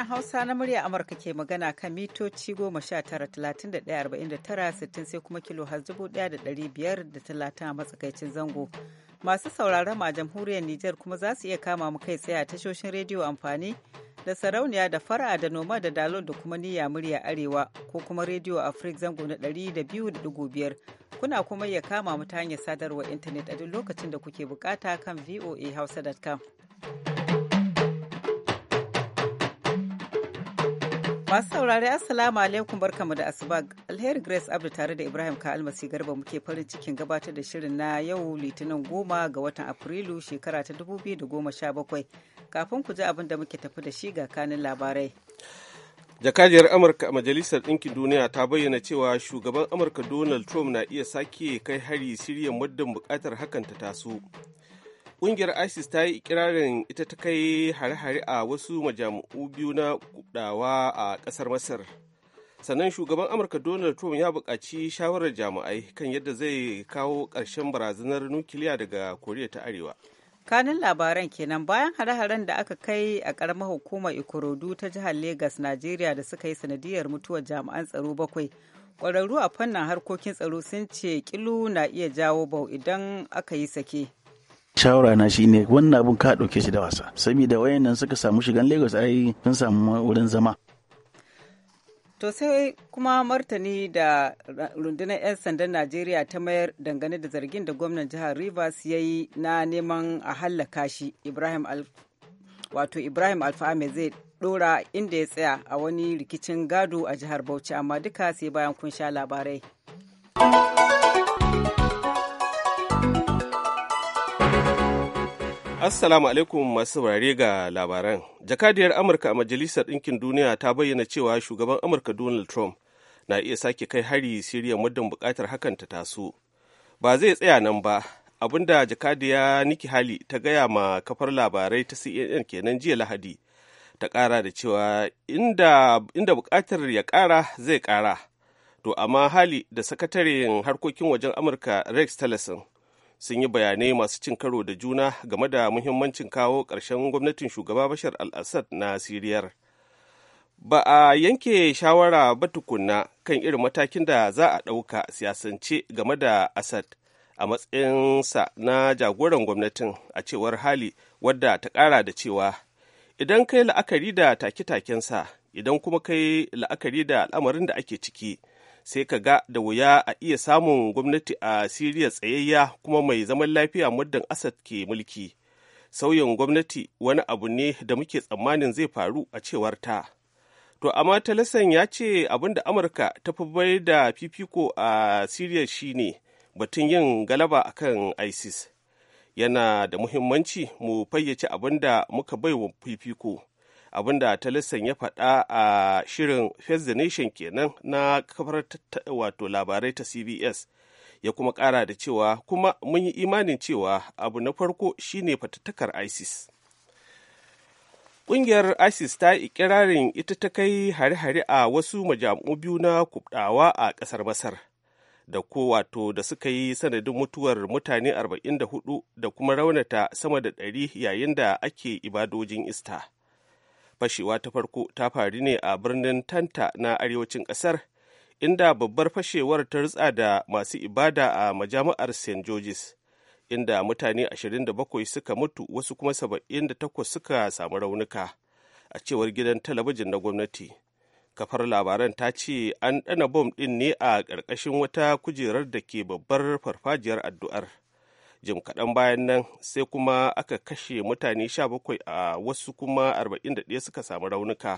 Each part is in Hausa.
Sashen Hausa na murya Amurka ke magana kan mitoci goma sha tara talatin sittin sai kuma kilo har dubu ɗaya da ɗari a matsakaicin zango. Masu sauraron ma jamhuriyar Nijar kuma za su iya kama mu kai tsaye a tashoshin rediyo amfani da sarauniya da fara da noma da dalon da kuma niyya murya arewa ko kuma rediyo afrik zango na ɗari da biyu da biyar kuna kuma iya kama mu ta hanyar sadarwar intanet a duk lokacin da kuke bukata kan voahausa.com. Masu saurari Assalamu alaikum barkamu da asuba alheri Grace Abdu tare da Ibrahim ka almasi garba muke farin cikin gabatar da shirin na yau litinin goma ga watan Afrilu shekara ta 2017 kafin ku ji abin da muke tafi da shi ga kanin labarai. jakadiyar amurka a majalisar ɗinkin duniya ta bayyana cewa shugaban amurka donald trump na iya sake kai hari shirya muddin buƙatar hakan ta taso Ƙungiyar ISIS ta yi ikirarin ita ta kai hare-hare a wasu majami'u biyu na kudawa a ƙasar Masar. Sannan shugaban Amurka Donald Trump ya buƙaci shawarar jami'ai kan yadda zai kawo ƙarshen barazanar nukiliya daga Koriya ta Arewa. kanin labaran kenan bayan hare-haren da aka kai a ƙaramar hukumar ikorodu ta jihar Legas, Najeriya da suka yi sanadiyar mutuwar jami'an tsaro bakwai. Ƙwararru a fannin harkokin tsaro sun ce kilu na iya jawo bau idan aka yi sake. shawara na shi ne wannan abun ka ɗauke shi da wasa saboda nan suka samu shigan lagos ai sun samu wurin zama To sai kuma martani da rundunar 'yan sandan Najeriya ta mayar dangane da zargin da gwamnan jihar Rivers ya yi na neman a hallaka shi Ibrahim wato Ibrahim Alfa'ame zai dora inda ya tsaya a wani rikicin gado a jihar Bauchi amma duka sai bayan kun sha labarai. Assalamu alaikum masu saurare ga labaran. Jakadiyar Amurka a Majalisar Ɗinkin Duniya ta bayyana cewa shugaban Amurka Donald Trump na iya sake kai hari Siriya muddin buƙatar hakan ta taso. Ba zai tsaya nan ba, abinda jakadiya Nikki Hali ta gaya ma kafar labarai ta CNN kenan jiya Lahadi. Ta ƙara da cewa inda, inda buƙatar ya ƙara zai ƙara. To amma Hali da sakataren harkokin wajen Amurka Rex Tillerson sun yi bayanai masu cin karo da juna game da muhimmancin kawo ƙarshen gwamnatin shugaba bashar al-assad na siriyar ba a yanke shawara ba tukunna kan irin matakin da za a ɗauka siyasance game da assad a matsayinsa na jagoran gwamnatin a cewar hali wadda ta ƙara da cewa idan kai la'akari da take-takensa idan kuma kai la'akari da al'amarin da ake ciki sai ka ga da wuya a iya samun gwamnati a siriya tsayayya kuma mai zaman lafiya muddin asad ke mulki sauyin gwamnati wani abu ne da muke tsammanin zai faru a cewar ta to amma talasan ya ce abin da amurka ta fi bai da fifiko a siriya shine batun yin galaba akan isis yana da muhimmanci mu fayyace abin da muka baiwa fifiko da talistan ya faɗa a shirin face the nation kenan na kafar wato labarai ta cbs ya kuma ƙara da cewa kuma mun yi imanin cewa abu na farko shine fatattakar isis Ƙungiyar ISIS ta yi ikirarin ita ta kai hare-hare a wasu majamu biyu na kubdawa a ƙasar Masar, da ko wato da suka yi sanadin mutuwar mutane 44 da kuma raunata sama da 100 yayin da ake ibadojin Ista. fashewa ta farko ta faru ne a birnin tanta na arewacin ƙasar inda babbar fashewar ta rutsa da masu ibada a majami'ar st george's inda mutane 27 suka mutu wasu kuma 78 suka samu raunuka a cewar gidan talabijin na gwamnati kafar labaran ta ce an ɗana bom ɗin ne a ƙarƙashin wata kujerar da ke babbar farfajiyar addu'ar jim kaɗan bayan nan sai kuma aka kashe mutane 17 a wasu kuma 41 suka samu raunuka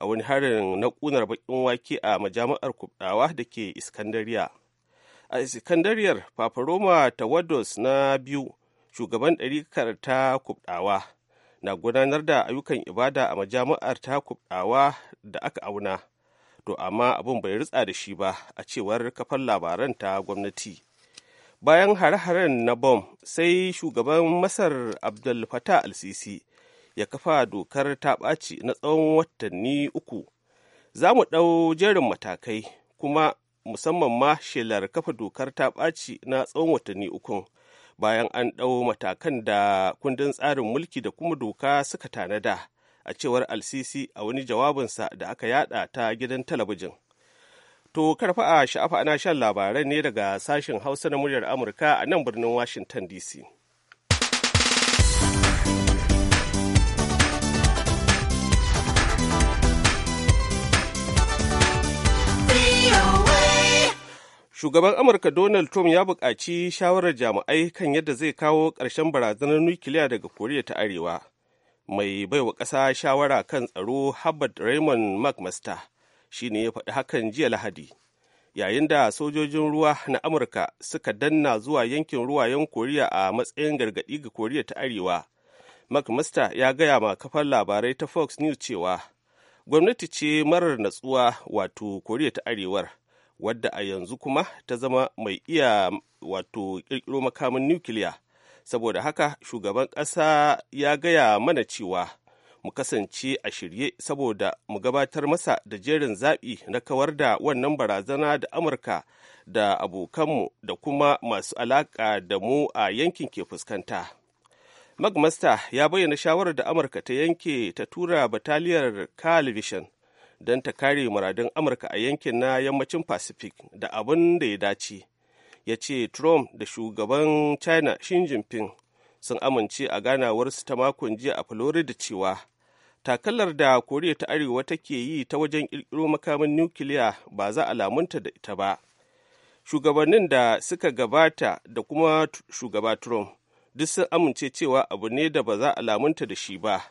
a wani harin na ƙunar baƙin wake a majami'ar kubɗawa da ke iskandariya a iskandariyar paparoma tawados na biyu shugaban ɗarikar ta kubɗawa na gudanar da ayyukan ibada a majami'ar ta kubɗawa da aka auna to amma abin bai ritsa da shi ba a cewar kafar labaran ta gwamnati bayan hare-haren na bom sai shugaban masar abdul fatah al-sisi ya kafa dokar ta ɓaci na tsawon watanni uku za mu ɗau jerin matakai kuma musamman ma shelar kafa dokar ta ɓaci na tsawon watanni uku bayan an ɗau matakan da kundin tsarin mulki da kuma doka suka tanada a cewar al-sisi a wani jawabinsa da aka yada ta gidan talabijin To karfa a sha'afa ana shan labarai ne daga sashen Hausa na muryar Amurka a nan birnin Washington DC. Shugaban Amurka Donald Trump ya buƙaci shawarar jami'ai kan yadda zai kawo ƙarshen barazanar nukiliya daga Koriya ta Arewa. Mai baiwa ƙasa shawara kan tsaro Harvard Raymond McMaster Shi ne ya faɗi hakan jiya lahadi yayin da sojojin ruwa na amurka suka danna zuwa yankin ruwayen koriya a matsayin gargaɗi ga koriya ta arewa mcmaster ya gaya ma kafar labarai ta fox news cewa gwamnati ce marar natsuwa wato koriya ta arewar wadda a yanzu kuma ta zama mai iya wato ƙirƙiro makamin nukiliya saboda haka shugaban ƙasa ya gaya mana cewa mu kasance a shirye saboda mu gabatar masa da jerin zaɓi na kawar da wannan barazana da amurka da abokanmu da kuma masu alaƙa da mu a yankin ke fuskanta magmasta ya bayyana shawarar da amurka ta yanke ta tura bataliyar calvision don ta kare muradun amurka a yankin na yammacin pacific da abin da ya dace ya ce trump da shugaban china xi jinping sun amince a ganawarsu ta makon jiya a florida cewa takallar da koriya ta arewa take yi ta wajen ƙirƙiro makamin nukiliya ba za a lamunta da ita ba shugabannin da suka gabata da kuma shugaba trump duk sun amince cewa abu ne da ba za a lamunta da shi ba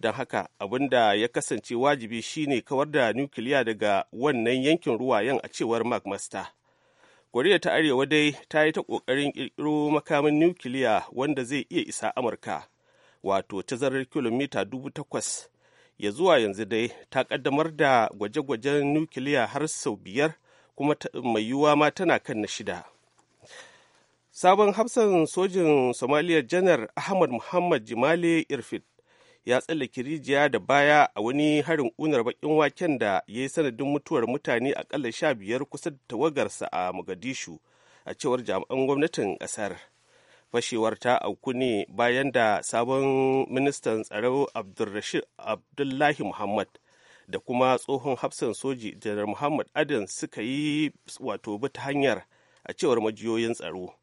don haka abin da ya kasance wajibi shine kawar da nukiliya daga wannan yankin ruwayen a cewar mark master koriya ta arewa dai ta yi ta ƙoƙarin ƙirƙiro makamin nukiliya wanda zai iya isa amurka wato tazarar kilomita dubu takwas ya zuwa yanzu dai ta ƙaddamar da gwaje-gwajen nukiliya har sau biyar kuma mai yiwuwa ma tana kan na shida sabon hafsan sojin somaliya janar ahmad muhammad jimale irfit ya tsallake rijiya da baya a wani harin unar bakin waken da ya yi sanadin mutuwar mutane akalla sha biyar kusa da tawagarsa a mogadishu a cewar jami'an gwamnatin ƙasar fashewar ta auku ne bayan da sabon ministan tsaro abdullahi muhammad da kuma tsohon hafsan soji janar muhammad adan suka yi wato ta hanyar a cewar majiyoyin tsaro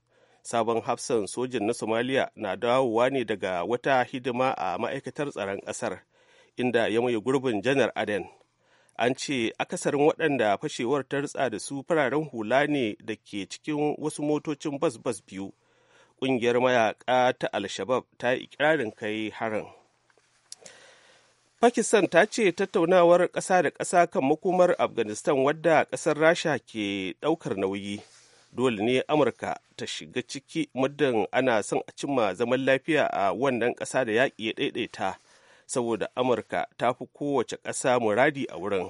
sabon hafsan sojin na somaliya na dawowa ne daga wata hidima a ma'aikatar tsaron ƙasar inda ya maye gurbin janar aden an ce akasarin waɗanda fashewar ta rutsa da su fararen hula ne da ke cikin wasu motocin bas-bas biyu ƙungiyar mayaƙa ta Alshabab shabab ta yi ikirarin kai harin pakistan ta ce tattaunawar ƙasa da ƙasa kan makomar afghanistan wadda ƙasar rasha ke ɗaukar nauyi dole ne amurka ta shiga ciki muddin ana son a cimma zaman lafiya a wannan ƙasa da yaƙi ya ɗaiɗaita saboda amurka ta fi kowace ƙasa muradi a wurin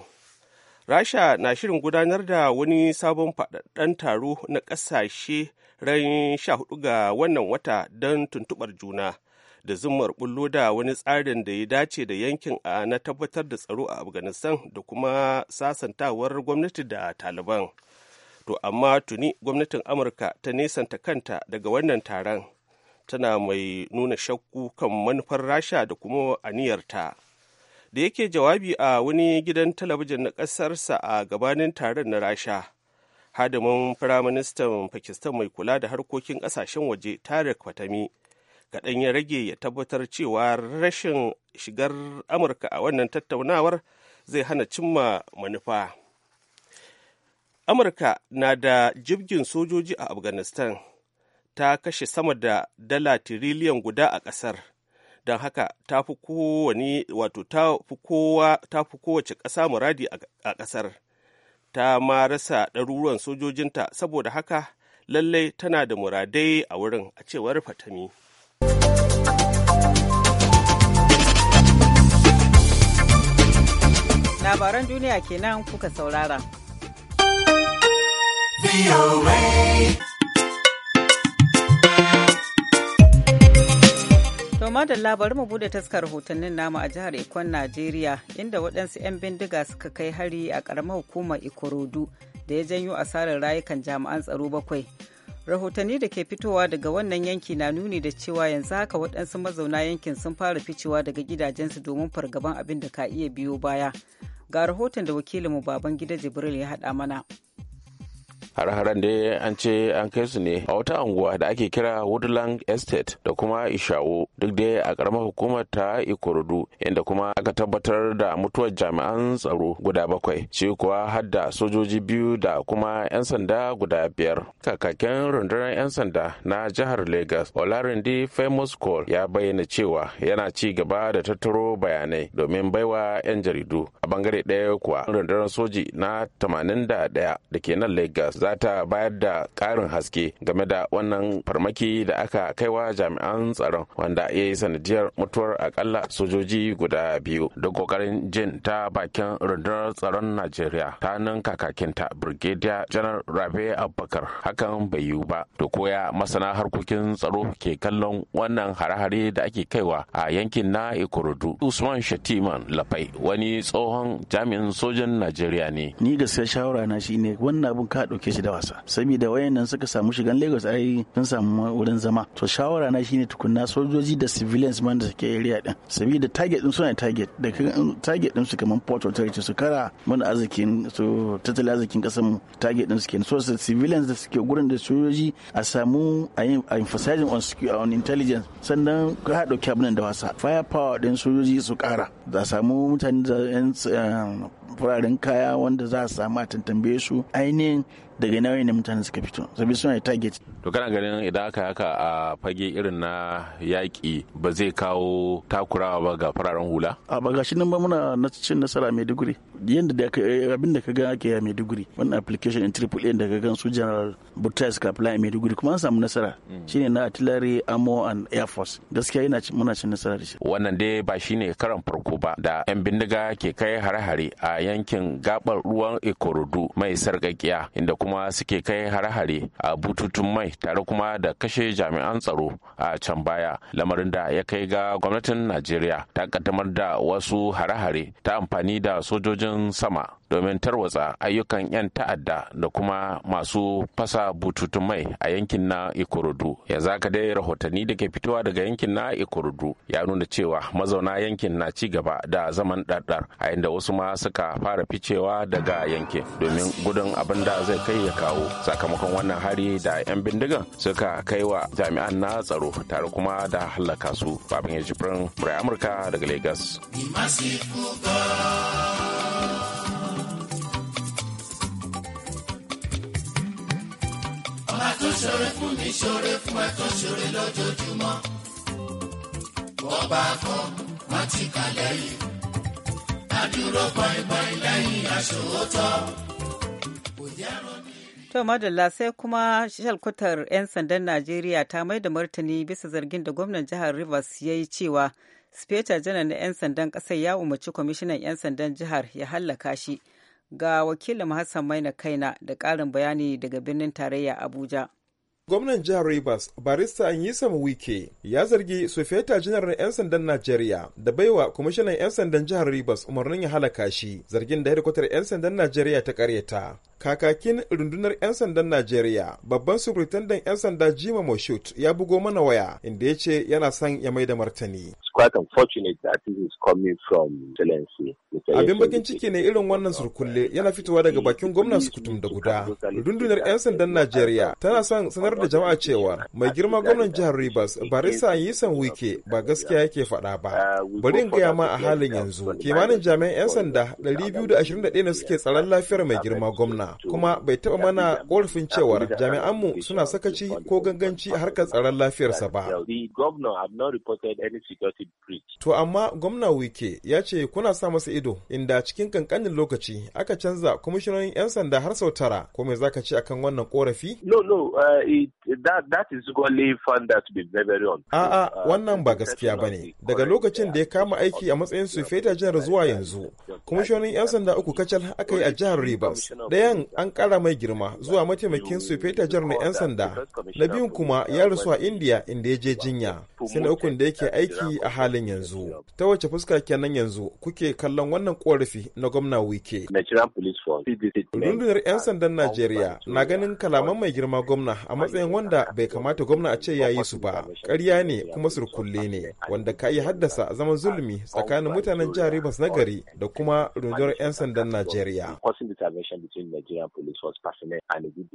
rasha na shirin gudanar da wani sabon faɗaɗɗen taro na ƙasashe ran 14 ga wannan wata don tuntuɓar juna da zumar bullo da wani tsarin da ya dace da yankin a na tabbatar da tsaro a afghanistan da kuma sasantawar gwamnati da taliban to amma tuni gwamnatin amurka ta nesanta kanta daga wannan taron tana mai nuna shakku kan manufar rasha da kuma aniyarta da yake jawabi a wani gidan talabijin na ƙasarsa a gabanin taron na rasha hadimin firaministan pakistan mai kula da harkokin ƙasashen waje tarik fatami kaɗan ya rage ya tabbatar cewa rashin shigar amurka a wannan tattaunawar zai hana cimma manufa. amurka na da jibgin sojoji a afghanistan ta kashe sama da dala tiriliyan guda a ƙasar don haka ta fi kowace ƙasa muradi a ƙasar ta ma rasa ɗaruruwan sojojinta saboda haka lallai tana da muradai a wurin a cewar fatami labaran duniya kenan kuka saurara VOA. Toma da labar mu bude taskar rahotannin namu a jihar Ikon Najeriya inda waɗansu 'yan bindiga suka kai hari a ƙaramar hukumar Ikorodu da ya janyo asarar rayukan jami'an tsaro bakwai. Rahotanni da ke fitowa daga wannan yanki na nuni da cewa yanzu haka waɗansu mazauna yankin sun fara ficewa daga gidajensu domin fargaban abin da ka iya biyo baya. Ga rahoton da wakilinmu gida Jibril ya haɗa mana. har-haren da an ce an kai su ne a wata unguwa da ake kira woodland estate da kuma ishawo duk dai a karamar hukumar ta ikorodu inda kuma aka tabbatar da mutuwar jami'an tsaro guda bakwai shi kuwa har da sojoji biyu da kuma 'yan sanda guda biyar kakakin rundunar 'yan sanda na jihar lagos olarindi famous call ya bayyana cewa yana ci gaba da tattaro bayanai domin baiwa 'yan jaridu a bangare ɗaya kuwa rundunar soji na 81 da ke nan lagos za ta bayar da ƙarin haske game da wannan farmaki da aka kaiwa jami'an tsaron wanda ya yi sanadiyar mutuwar akalla sojoji guda biyu da kokarin jin ta bakin rundunar tsaron najeriya ta nan kakakinta brigadier janar rabe abubakar hakan bai yiwu ba da koya masana harkokin tsaro ke kallon wannan hare-hare da ake kaiwa a yankin na ikorodu usman shatiman lafai wani tsohon jami'in sojan najeriya ne ni gaskiya shawara na shine wannan abin ka ɗauke shi da wasa saboda nan suka samu shigan Lagos ai sun samu wurin zama to shawara na shine tukunna sojoji da civilians man da suke area din saboda target din suna target da target din su kaman port authority su kara mana arzikin su tattalin arzikin kasar mu target din suke so civilians da suke gurin da sojoji a samu a emphasizing on on intelligence sannan ka hado abin da wasa firepower din sojoji su kara da samu mutane da yan eh, fararen kaya wanda za a samu a tantambe su ainihin daga nauyin ne mutane suka fito sabi suna da target to kana ganin idan aka haka a fage irin na yaƙi ba zai kawo takurawa ba ga fararen hula a ba gashi nan ba muna na cin nasara maiduguri yadda da eh, abin da ka ga ake ya maiduguri wannan application in triple a da ka gan su general butais ka apply maiduguri kuma an samu nasara mm. shine na artillery ammo and air force gaskiya yana muna cin nasara da shi wannan dai ba shine karan farko ba da yan bindiga ke kai hare-hare a yankin gabar ruwan ikorodu mai sarƙaƙiya inda kuma kuma suke kai hare-hare a bututun mai tare kuma da kashe jami'an tsaro a can baya lamarin da ya kai ga gwamnatin najeriya ta kaddamar da wasu hare-hare ta amfani da sojojin sama domin tarwatsa ayyukan 'yan ta'adda da kuma masu fasa bututun mai a yankin na ikorodu ya zaka dai rahotanni da ke fitowa daga yankin na ikorodu ya nuna cewa mazauna yankin na ci gaba da zaman ɗarɗar a inda wasu ma suka fara ficewa daga yankin domin gudun abin da zai kai ya kawo sakamakon wannan hari da 'yan bindigan suka kai wa jami'an na tsaro tare kuma da halaka su babin ya jibrin amurka daga lagos máa tún fún mi fún ẹ lójoojúmọ́. bọ́ba ti kà To Madalla sai kuma shalkutar 'yan sandan Najeriya ta mai da martani bisa zargin da gwamnan jihar Rivers ya yi cewa Speta janar na 'yan sandan ƙasar ya umarci kwamishinan 'yan sandan jihar ya hallaka shi. ga wakilin Hassan Maina Kaina da ƙarin bayani daga birnin tarayya Abuja. Gwamnan jihar Rivers, barista Anyisa Wike, ya zargi Sofeta janar 'yan sandan Najeriya da baiwa kwamishinan 'yan sandan jihar Rivers umarnin ya halaka shi, zargin da hedikwatar 'yan sandan Najeriya ta karyata. kakakin rundunar 'yan sandan najeriya babban sufritandan 'yan sanda jima moshut ya bugo mana waya inda ya ce yana son ya mai da martani abin bakin ciki ne irin wannan surkulle yana fitowa daga bakin gwamnan sukutum da guda rundunar 'yan sandan najeriya tana son sanar da jama'a cewa mai girma gwamnan jihar rivers barisa yisan wike ba gaskiya yake fada ba bari in gaya ma a halin yanzu kimanin jami'an 'yan sanda 221 ne suke tsaron lafiyar mai girma gwamna kuma bai taɓa mana ƙorafin cewar jami'anmu suna sakaci ko ganganci a harkar tsaron lafiyarsa ba. To amma gwamna wike ya ce kuna sa masa ido inda cikin kankanin lokaci aka canza kwamishinonin 'yan sanda har sau tara ko za zaka ce akan wannan korafi? No no uh, that, is only fun that be very on. A'a uh, wannan ba gaskiya ba ne. daga lokacin da ya kama aiki a matsayin su feta jihar zuwa yanzu kwamishinonin 'yan sanda uku kacal aka yi a jihar Rivers ɗayan ɗayan an ƙara mai girma zuwa mataimakin sufeta jar na 'yan sanda na biyun kuma ya rasu a indiya inda ya je jinya sai na ukun da yake aiki a halin yanzu ta wace fuska kenan yanzu kuke kallon wannan korafi na gwamna wike rundunar 'yan sandan najeriya na ganin kalaman mai girma gwamna a matsayin wanda bai kamata gwamna a ce ya yi su ba karya ne kuma surkulle ne wanda ka yi haddasa zaman zulumi tsakanin mutanen jihar ribas na gari da kuma rundunar 'yan sandan najeriya Nigerian Police Force personnel and a good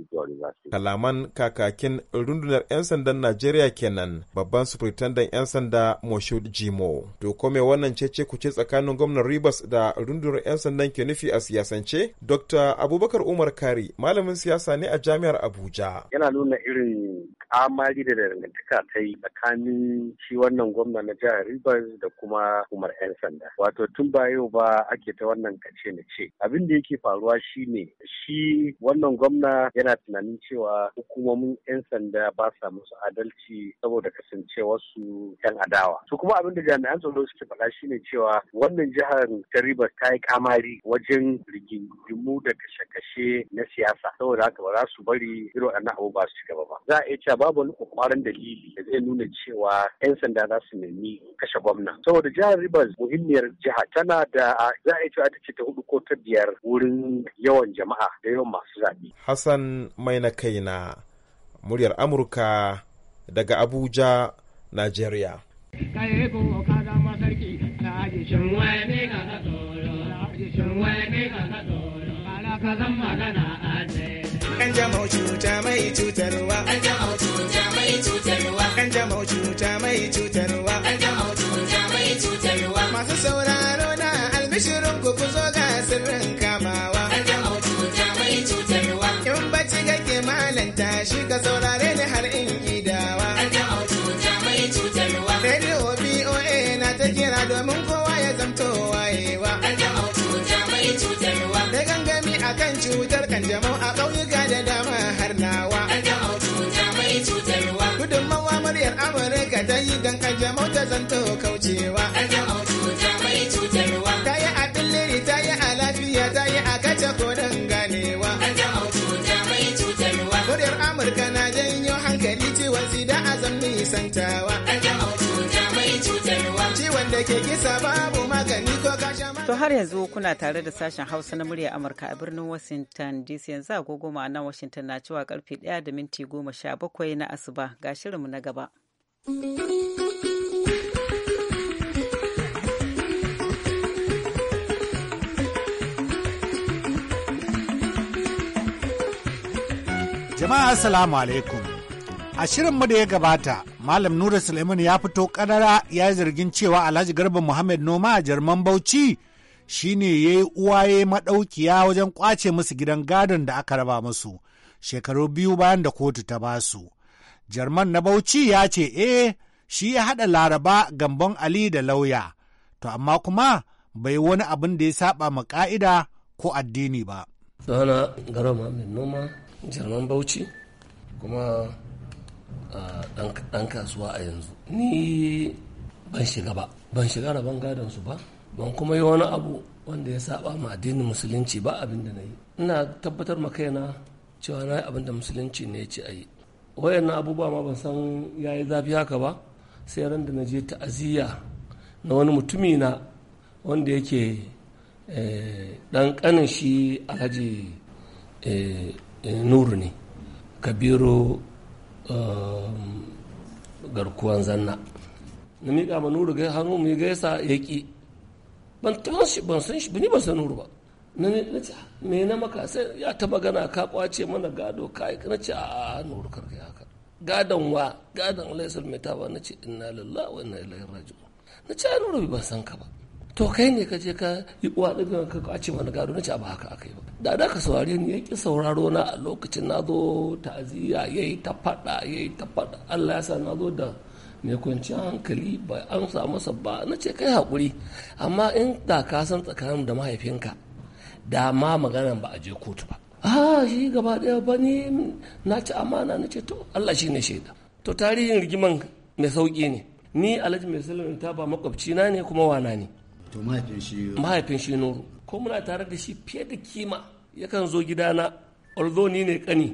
Kalaman kakakin rundunar 'yan sandan Najeriya kenan babban sufritandan 'yan sanda Moshood Jimo. To kome wannan cece kuce tsakanin gwamnan Rivers da rundunar 'yan sandan ke nufi a siyasance? Dr. Abubakar Umar Kari malamin siyasa ne a jami'ar Abuja. Yana nuna irin kamari da dangantaka ta yi tsakanin shi wannan gwamna na jihar Rivers da kuma Umar 'yan sanda. Wato tun ba yau ba ake ta wannan kace na ce. Abin da yake faruwa shine shi wannan gwamna yana tunanin cewa hukumomin 'yan sanda ba sa musu adalci saboda kasancewarsu 'yan adawa. Su kuma abin da jami'an tsaro suke faɗa shine cewa wannan jihar ta riba ta yi kamari wajen rigingimu da kashe-kashe na siyasa saboda haka ba za su bari irin waɗannan abu ba su ci gaba ba. Za a iya cewa babu wani kwakwaran dalili da zai nuna cewa 'yan sanda za su nemi kashe gwamna. Saboda jihar Rivers muhimmiyar jiha tana da za a iya cewa ta ce ta hudu ko ta biyar wurin yawan jama'a da yawan masu zaɓe. Hassan mai na kaina muryar Amurka daga Abuja, Najeriya. Kan cuta cuta mai cutarwa. Kan Masu sauraro na albishirin ku ku zo ga sirrin kamawa. ka saurare ni har in gidawa. Radio BOA na ta kira domin kowa ya zamto wayewa. Da gangami a kan cutar kanjamau a ƙauyuka da dama har nawa. Gudunmawa muryar Amurka ta yi don kanjamau ta zanto kaucewa. da ke kisa babu magani ko To har yanzu kuna tare da sashen Hausa na murya Amurka a birnin Washington DC yanzu agogo ma'anar Washington na cewa karfe 1 da minti 17 na asuba ga shirinmu na gaba. Jama'a Assalamu alaikum. A shirin mu da ya gabata, Malam Nura Suleiman ya fito kadara ya yi zargin cewa Alhaji Garba Muhammad Noma a Jarman Bauchi shi ne ya yi uwaye maɗaukiya wajen kwace musu gidan gadon da aka raba musu shekaru biyu bayan da kotu ta basu. Jarman na Bauchi ya ce, eh shi ya haɗa Laraba gambon Ali da lauya, to amma kuma bai wani abin da ya saba ma ƙa'ida ko addini ba. Sana Garba Muhammad Noma, Jarman Bauchi, kuma dan kasuwa a yanzu ni ban shiga ba ban shiga rabon gadon su ba ban kuma yi wani abu wanda ya saba ma addinin musulunci ba abin da na yi ina tabbatar ma kaina cewa na yi abin da musulunci ne ce a yi wayannan abubuwa ma ban san ya yi zafi haka ba sai ran da na je ta'aziyya na wani mutumi na wanda yake ɗan eh, kanin shi alhaji eh, eh, nuru ne kabiru Ehm, garkuwan zanna na miƙa ma nuru ga hannu mai gaisa ya ƙi ban taɓa shi ban san shi ni ban san nuru ba na ce me na maka sai ya ta magana ka kwace mana gado ka yi na ce a nuru karka haka gadon wa gadon alaihi salmai ta ba na ce inna lillahi wa inna ilaihi raji'un na ce a nuru ban san ka ba to kai ne ka je ka yi uwa ɗin ka ce mana gado na ce ba haka aka yi ba da da ka saurare ni yaki sauraro na a lokacin na zo ta'aziyya yayi ta ya yayi ta faɗa. Allah ya sa na zo da mai kwanciyar hankali ba an samu masa ba na ce kai hakuri amma in da ka san tsakanin da mahaifinka da ma maganan ba a je kotu ba a ah, shi gaba ɗaya ba ni na ci amana na ce to Allah shi ne shaida to tarihin rigiman mai sauƙi ne ni alhaji mai salon ta ba makwabci na ne kuma wana ne to mahaifin shi mahaifin shi nuru ko muna tare da shi fiye da kima yakan zo gidana although ni ne kani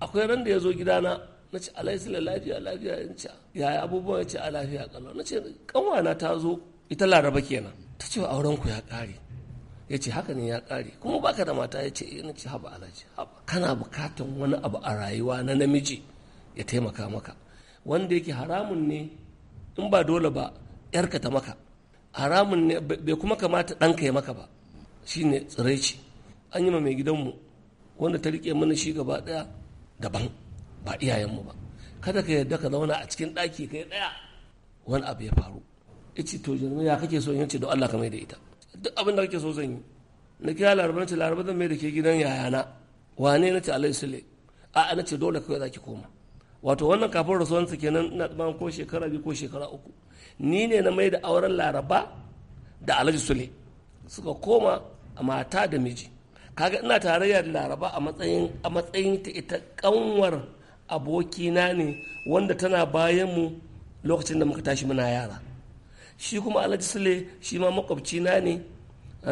akwai ran da ya zo gidana na ce alaisila lafiya lafiya in ce yaya abubuwan ya ce a lafiya kallo na ce kanwana ta zo ita laraba kenan ta ce auren ku ya kare ya ce haka ne ya kare kuma baka da mata ya ce eh, na ce haba alaji haba kana bukatan wani abu a rayuwa na namiji ya taimaka maka wanda yake haramun ne in ba dole ba yarka ta maka haramun ne bai kuma kamata ɗanka ya maka ba shine tsiraici an yi ma mai gidanmu wanda ta riƙe mana shi gaba ɗaya daban ba iyayenmu ba kada ka yarda ka zauna a cikin ɗaki kai ɗaya wani abu ya faru ice to jirmi ya kake so yance ce don Allah ka mai da ita duk abin da kake so zan yi na kira laraba na ce laraba zan mai da ke gidan yayana wane na ce alayhi sule a na ce dole kawai za ki koma wato wannan kafin rasuwansa kenan ina tsammanin ko shekara biyu ko shekara uku ni ne na mai da auren laraba da alhaji sule suka koma a mata da miji kaga ina tarayya da laraba a matsayin a matsayin ta ita kanwar abokina ne wanda tana bayan mu lokacin da muka tashi muna yara shi kuma alhaji sule shi ma makwabcina ne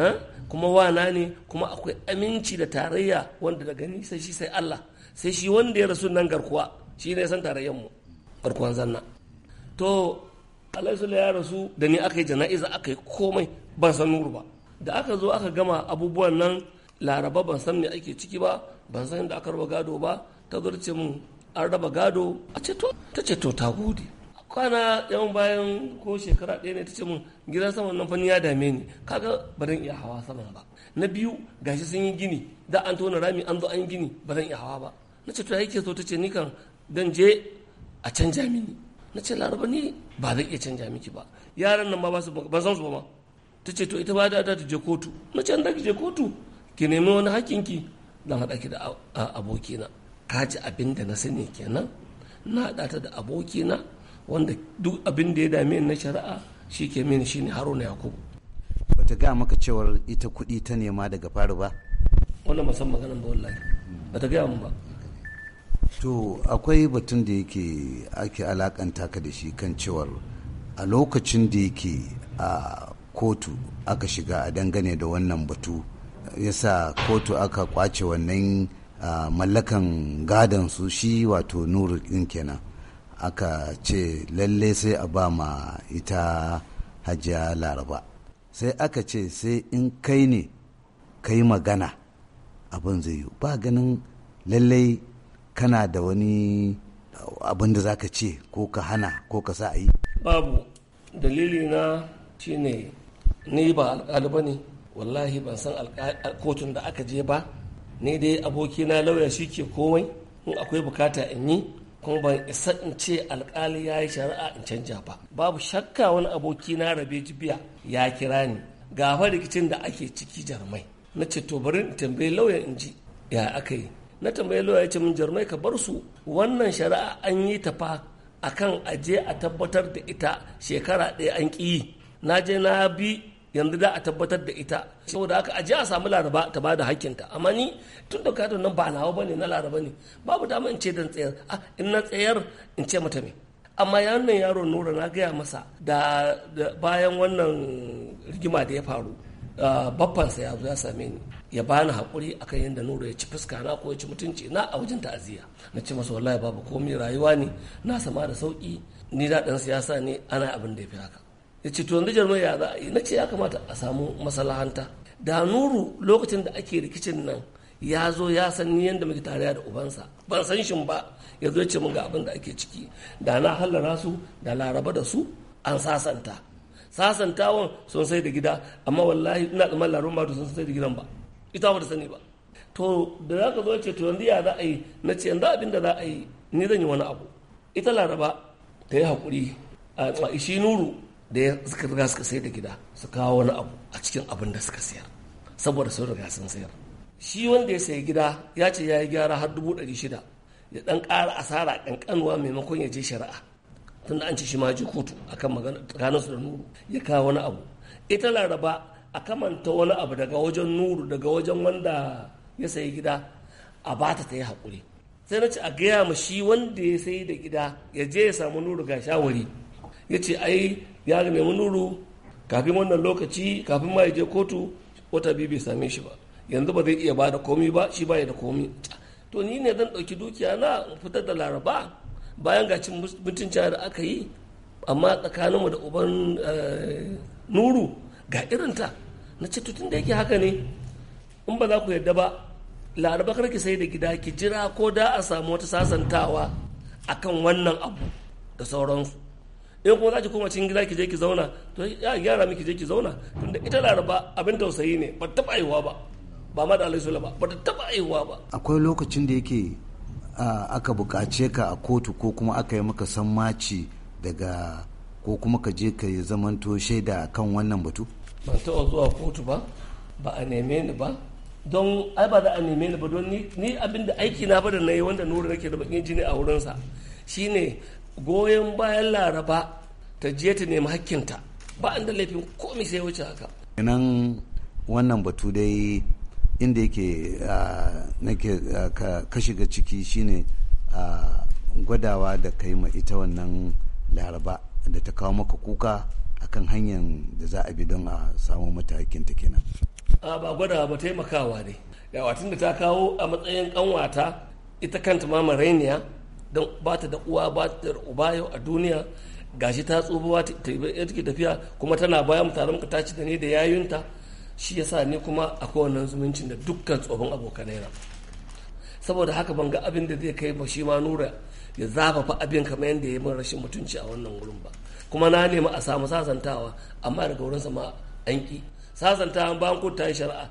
ah, kuma wana ne kuma akwai aminci da tarayya wanda daga nisa shi sai allah sai shi wanda ya rasu nan garkuwa shi ne san tarayyar mu garkuwan zanna to alhaji ya rasu da ni aka yi jana'iza aka yi komai ban san nuru ba da aka zo aka gama abubuwan nan laraba ban san me ake ciki ba ban san da aka raba gado ba ta ce mun an raba gado a ceto ta ceto ta gode kwana yawan bayan ko shekara ɗaya ne ta ce mun gidan saman nan fani ya dame ni kaga ba zan iya hawa saman ba na biyu gashi sun yi gini da an tona rami an zo an gini ba zan iya hawa ba na ce to ke so ta ce ni kan dan je a canja mini na ce laraba ni ba zai iya canja miki ba yaran nan ma ba su ba san su ba ta ce to ita ba da ta je kotu na ce an da je kotu ki nemi wani hakinki dan haɗa ki da abokina ka ji abin da na sani kenan na haɗa ta da abokina wanda duk abin da ya dame ni na shari'a shi ke mini shine haruna yakubu bata ga maka cewar ita kuɗi ta nema daga faru ba wannan musamman maganan ba wallahi bata gaya min ba To akwai batun da yake ake alakanta ka da shi kan cewar a lokacin da yake a kotu aka shiga a dangane da wannan batu yasa kotu aka kwace wannan mallakan gadon su shi wato nuru din kenan aka ce lalle sai a ba ma ita hajiya laraba sai aka ce sai in kai ne kai magana abin zai yi ba ganin lallai kana da wani abin da za ka ce ko ka hana ko ka sa a yi babu dalili na shine ni ba alƙali ba ne wallahi ban san kotun da aka je ba ni dai abokina lauya shi ke komai in akwai bukata in yi kuma ban isa in ce alkali ya yi shari'a in canja ba babu shakka wani abokina rabe jibiya ya kira ni gafa rikicin da ake ciki jarumai na ce to bari in tambayi lauya in ji ya aka yi na tambayi lauya ya ce min jarumai ka bar su wannan shari'a an yi ta fa akan aje a tabbatar da ita shekara ɗaya an yi na je na bi yanzu da a tabbatar da ita saboda haka aje a samu laraba ta ba da hakkinta amma ni tun da kadon nan ba nawa bane na laraba ne babu dama in ce dan tsayar a ah, in na tsayar in ce mata me amma yannan yaro nura na gaya masa da bayan wannan rigima da ya faru Ah, babbansa ya zo ya same ni ya bani haƙuri akan yadda nuru ya ci fuska na ko ya ci mutunci na a wajen ta'aziya na ce masa wallahi babu komai rayuwa ne na sama da sauki ni da ɗan siyasa ne ana abin da ya fi haka ya ce to yanzu ya za a yi na ce ya kamata a samu masalahanta da nuru lokacin da ake rikicin nan ya zo ya san ni yadda muke tare da ubansa ban san shin ba ya zo ce mun ga abin da ake ciki da na hallara su da laraba da su an sasanta sasantawan sun sai da gida amma wallahi ina tsammanin larun ba sun sai da gidan ba ita ba da sani ba to da za ka zo ce to yanzu ya za a yi na ce yanzu abin da za a yi ni zan yi wani abu ita laraba ta yi haƙuri a shi nuru da ya suka riga suka sai da gida su kawo wani abu a cikin abin da suka sayar saboda sun riga sun sayar shi wanda ya sayi gida ya ce ya yi gyara har dubu ɗari shida ya ɗan ƙara asara ƙanƙanuwa maimakon ya je shari'a tunda an ci shi ma ji kotu akan magana tsakaninsu da nuru ya kawo wani abu ita laraba a kamanta wani abu daga wajen nuru daga wajen wanda ya sayi gida a bata ta yi haƙuri sai na ce a gaya ma shi wanda ya sayi da gida ya je ya samu nuru ga shawari ya ce ai ya nemi nuru kafin wannan lokaci kafin ma ya je kotu wata biyu bai same shi ba yanzu ba zai iya ba da komi ba shi ba ya da komi to ni ne zan ɗauki dukiya na fitar da laraba bayan ga cin mutunci da aka yi amma tsakaninmu da uban eh, nuru ga irinta na ce tutun da yake haka ne in ba za ku yarda ba laraba karki sai da gida ki jira ko da a samu wata sasantawa a kan wannan abu da sauransu in kuma za ki koma cin gida ki je ki zauna to ya gyara miki je ki zauna tunda ita laraba abin tausayi ne ba taɓa aihuwa ba ba ma da alaihi ba ba ta taɓa aihuwa ba akwai lokacin da yake aka bukace ka a kotu ko kuma aka yi maka sammaci daga ko kuma ka je ka zamanto shaida kan wannan batu? ban taɓa zuwa kotu ba ba a neme ni ba don ai ba da a neme ni ba don ni abin da aiki na bada na yi wanda nuri nake da bakin jini a wurinsa shine goyon bayan laraba ta je ta nemi hakkinta ba an da laifin komai sai wuce haka. nan wannan batu dai inda yake nake ka shiga ciki shine gwadawa da kai ma ita wannan laraba da ta kawo maka kuka akan hanyar da za a bi don a samu matakin ta kenan a ba gwadawa ba taimakawa ne yawa da ta kawo a matsayin kanwata ita kanta ma marainiya don ba ta da uwa ba ta da uba yau a duniya gashi ta tsubuwa ta tafiya kuma tana bayan mutanen ka tashi da ni da yayunta shi yasa ni kuma a kowane zumuncin da dukkan tsohon abokanai na saboda haka ban ga abin da zai kai ba shi ma nura ya zafafa abin kamar yadda ya yi min rashin mutunci a wannan wurin ba kuma na nemi a samu sasantawa amma daga wurinsa ma an ki sasantawa ba an ta yi shari'a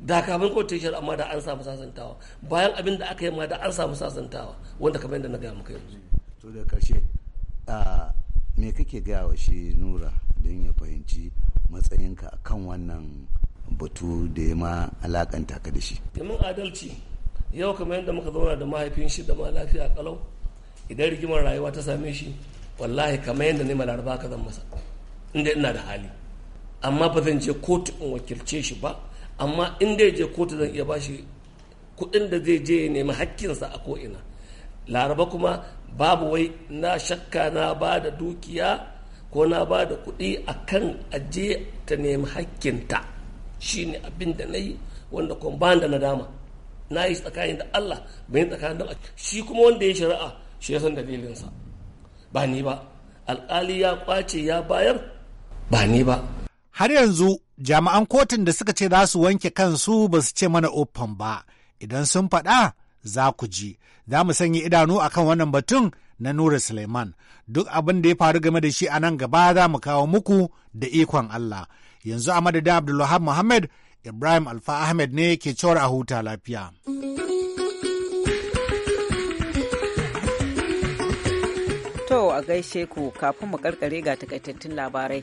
da kafin kotu yi shari'a ma da an samu sasantawa bayan abin da aka yi ma da an samu sasantawa wanda kamar yadda na gaya maka yanzu. to da karshe me kake gaya wa shi nura don ya fahimci matsayinka a kan wannan batu da ya ma alakanta ka da shi. Domin adalci yau kamar yadda muka zauna da mahaifin shi da ma lafiya kalau idan rigimar rayuwa ta same shi wallahi kamar yadda ne malaraba ka zan masa inda ina da hali amma ba zan je kotu in wakilce shi ba amma inda ya je kotu zan iya bashi kuɗin da zai je ya nemi hakkinsa a ko'ina laraba kuma babu wai na shakka na ba da dukiya ko na ba da kuɗi a kan aje ta nemi hakkinta shi ne abin da na yi wanda kuma ba da nadama na yi tsakanin da Allah bai tsakanin da shi kuma wanda ya shari'a shi ya san dalilinsa ba ni ba alƙali ya kwace ya bayar ba ni ba har yanzu jami'an kotun da suka ce za su wanke kansu ba su ce mana ofan ba idan sun faɗa za ku ji. Za mu sanya idanu a kan wannan batun na Nura Suleiman. Duk abin da ya faru game da shi a nan gaba za mu kawo muku da ikon Allah. Yanzu a madada Abdulwahab Muhammad, Ibrahim Alfa Ahmed ne ke cewar a huta lafiya. To a gaishe ku kafin mu karkare ga takaitattun labarai.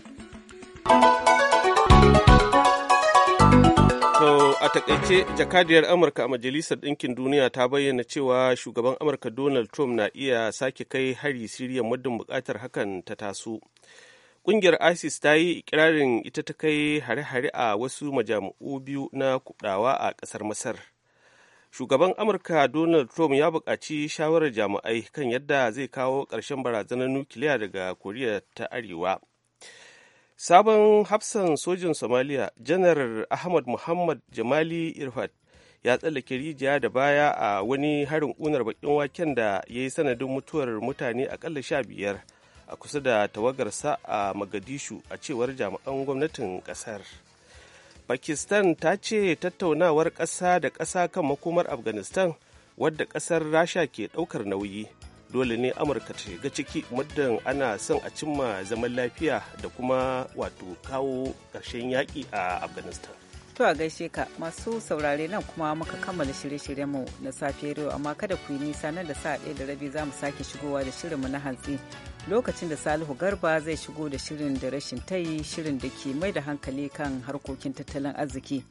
To a takaice jakadiyar Amurka a Majalisar Ɗinkin Duniya ta bayyana cewa shugaban Amurka Donald Trump na iya sake kai hari Siriya muddin buƙatar hakan ta taso. Ƙungiyar ISIS ta yi ikirarin ita ta kai hare-hare a wasu majami'u biyu na kudawa a ƙasar Masar. Shugaban Amurka Donald Trump ya buƙaci shawarar jami'ai kan yadda zai kawo ƙarshen barazanar nukiliya daga Koriya ta Arewa. sabon hafsan sojin somaliya janar ahmad muhammad jamali irfat ya tsallake rijiya da baya a wani harin unar bakin waken da ya yi sanadin mutuwar mutane akalla sha biyar a kusa da tawagarsa a magadishu a cewar jami'an gwamnatin kasar pakistan ta ce tattaunawar ƙasa da ƙasa kan makomar afghanistan wadda ƙasar rasha ke ɗaukar nauyi dole ne amurka ta shiga ciki muddin ana son a cimma zaman lafiya da kuma wato kawo karshen yaƙi a afghanistan to a gaishe ka masu saurare nan kuma muka kammala shirye mu na safe yau amma kada ku yi nisa nan da sa ɗaya da rabi za mu sake shigowa da shirinmu na hantsi lokacin da salihu garba zai shigo da shirin da rashin tayi shirin da ke mai da hankali kan harkokin tattalin arziki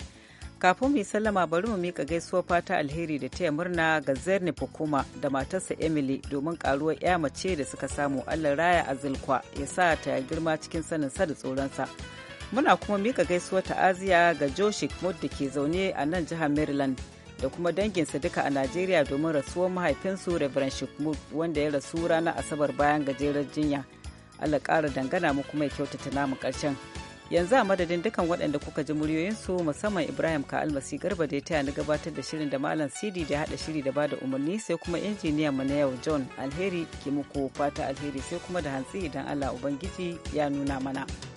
kafin mu sallama bari mu mika gaisuwar fata alheri da taya murna ga zerni fukuma da matarsa emily domin karuwar ya mace da suka samu allah raya a ya sa ta girma cikin saninsa da tsoronsa muna kuma mika gaisuwar ta'aziya ga joshik mud da ke zaune a nan jihar maryland da kuma danginsa duka a najeriya domin rasuwar mahaifinsu reverend shikmud wanda ya rasu ranar asabar bayan gajeren jinya allah kara dangana mu kuma ya kyautata namu karshen yanzu a madadin dukan waɗanda kuka ji muryoyinsu musamman ibrahim ka almasi garba da ya taya na gabatar da shirin da malam sidi da haɗa shiri da bada umarni sai kuma injiniya mu na yau john alheri ke muku fata alheri sai kuma da hantsi idan allah ubangiji ya nuna mana.